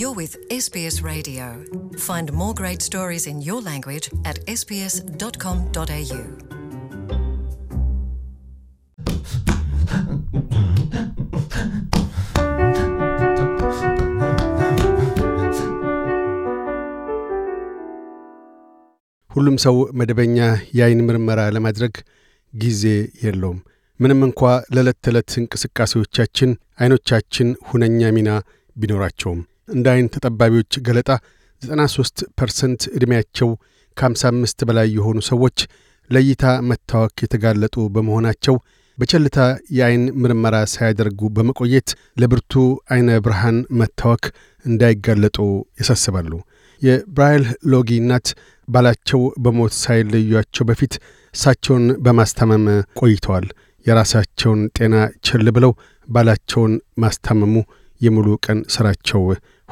You're with SBS Radio. Find more great stories in your language at sbs.com.au. ሁሉም ሰው መደበኛ የአይን ምርመራ ለማድረግ ጊዜ የለውም። ምንም እንኳ ለዕለት ተዕለት እንቅስቃሴዎቻችን አይኖቻችን ሁነኛ ሚና ቢኖራቸውም እንደ አይን ተጠባቢዎች ገለጣ 93 ፐርሰንት ዕድሜያቸው ከ55 በላይ የሆኑ ሰዎች ለእይታ መታወክ የተጋለጡ በመሆናቸው በቸልታ የአይን ምርመራ ሳያደርጉ በመቆየት ለብርቱ አይነ ብርሃን መታወክ እንዳይጋለጡ ያሳስባሉ። የብራይል ሎጊ እናት ባላቸው በሞት ሳይለዩቸው በፊት እሳቸውን በማስታመም ቆይተዋል። የራሳቸውን ጤና ችል ብለው ባላቸውን ማስታመሙ የሙሉ ቀን ሥራቸው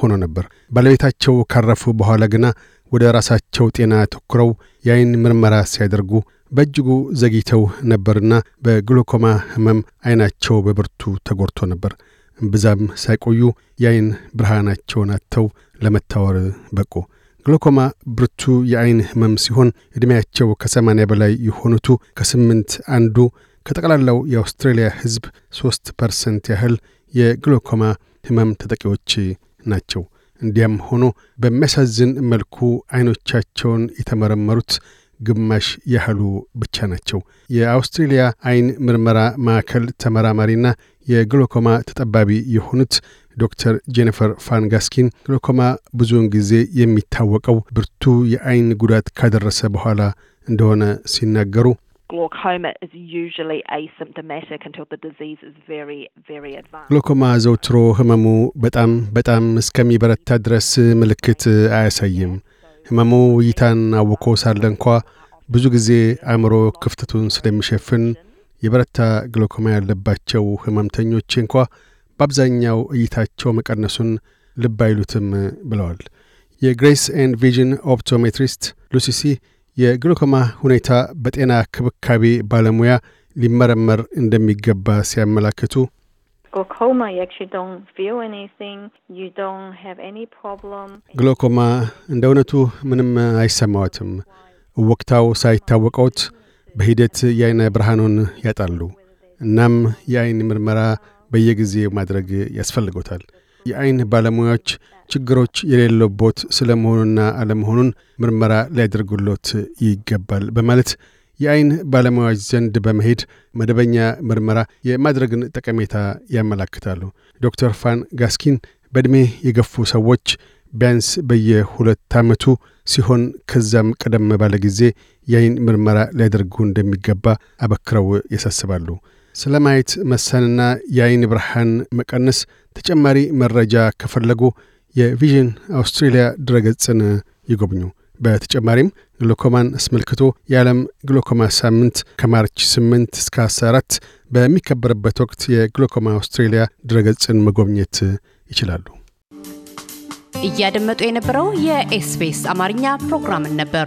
ሆኖ ነበር። ባለቤታቸው ካረፉ በኋላ ግና ወደ ራሳቸው ጤና ተኩረው የአይን ምርመራ ሲያደርጉ በእጅጉ ዘግይተው ነበርና በግሎኮማ ህመም አይናቸው በብርቱ ተጎድቶ ነበር። ብዛም ሳይቆዩ የአይን ብርሃናቸውን አጥተው ለመታወር በቁ። ግሎኮማ ብርቱ የአይን ህመም ሲሆን ዕድሜያቸው ከሰማንያ በላይ የሆኑቱ ከስምንት አንዱ ከጠቅላላው የአውስትሬልያ ሕዝብ ሦስት ፐርሰንት ያህል የግሎኮማ ህመም ተጠቂዎች ናቸው። እንዲያም ሆኖ በሚያሳዝን መልኩ አይኖቻቸውን የተመረመሩት ግማሽ ያህሉ ብቻ ናቸው። የአውስትሬሊያ አይን ምርመራ ማዕከል ተመራማሪና የግሎኮማ ተጠባቢ የሆኑት ዶክተር ጄኒፈር ፋንጋስኪን ግሎኮማ ብዙውን ጊዜ የሚታወቀው ብርቱ የአይን ጉዳት ካደረሰ በኋላ እንደሆነ ሲናገሩ ግሎኮማ ዘውትሮ ህመሙ በጣም በጣም እስከሚበረታ ድረስ ምልክት አያሳይም። ህመሙ እይታን አውኮ ሳለ እንኳ ብዙ ጊዜ አእምሮ ክፍተቱን ስለሚሸፍን የበረታ ግሎኮማ ያለባቸው ህመምተኞች እንኳ በአብዛኛው እይታቸው መቀነሱን ልብ አይሉትም ብለዋል። የግሬስ ኤንድ ቪዥን ኦፕቶሜትሪስት ሉሲሲ የግሎኮማ ሁኔታ በጤና ክብካቤ ባለሙያ ሊመረመር እንደሚገባ ሲያመላክቱ ግሎኮማ እንደ እውነቱ ምንም አይሰማዎትም። እወቅታው ሳይታወቀዎት በሂደት የአይነ ብርሃኑን ያጣሉ። እናም የአይን ምርመራ በየጊዜው ማድረግ ያስፈልጎታል። የአይን ባለሙያዎች ችግሮች የሌለቦት ስለመሆኑና አለመሆኑን ምርመራ ሊያደርጉሎት ይገባል በማለት የአይን ባለሙያዎች ዘንድ በመሄድ መደበኛ ምርመራ የማድረግን ጠቀሜታ ያመላክታሉ። ዶክተር ፋን ጋስኪን በዕድሜ የገፉ ሰዎች ቢያንስ በየሁለት ዓመቱ ሲሆን ከዛም ቀደም ባለ ጊዜ የአይን ምርመራ ሊያደርጉ እንደሚገባ አበክረው ያሳስባሉ። ስለ ማየት መሰንና የአይን ብርሃን መቀነስ ተጨማሪ መረጃ ከፈለጉ የቪዥን አውስትሬልያ ድረገጽን ይጎብኙ። በተጨማሪም ግሎኮማን አስመልክቶ የዓለም ግሎኮማ ሳምንት ከማርች 8 እስከ 14 በሚከበርበት ወቅት የግሎኮማ አውስትሬልያ ድረገጽን መጎብኘት ይችላሉ። እያደመጡ የነበረው የኤስቢኤስ አማርኛ ፕሮግራምን ነበር።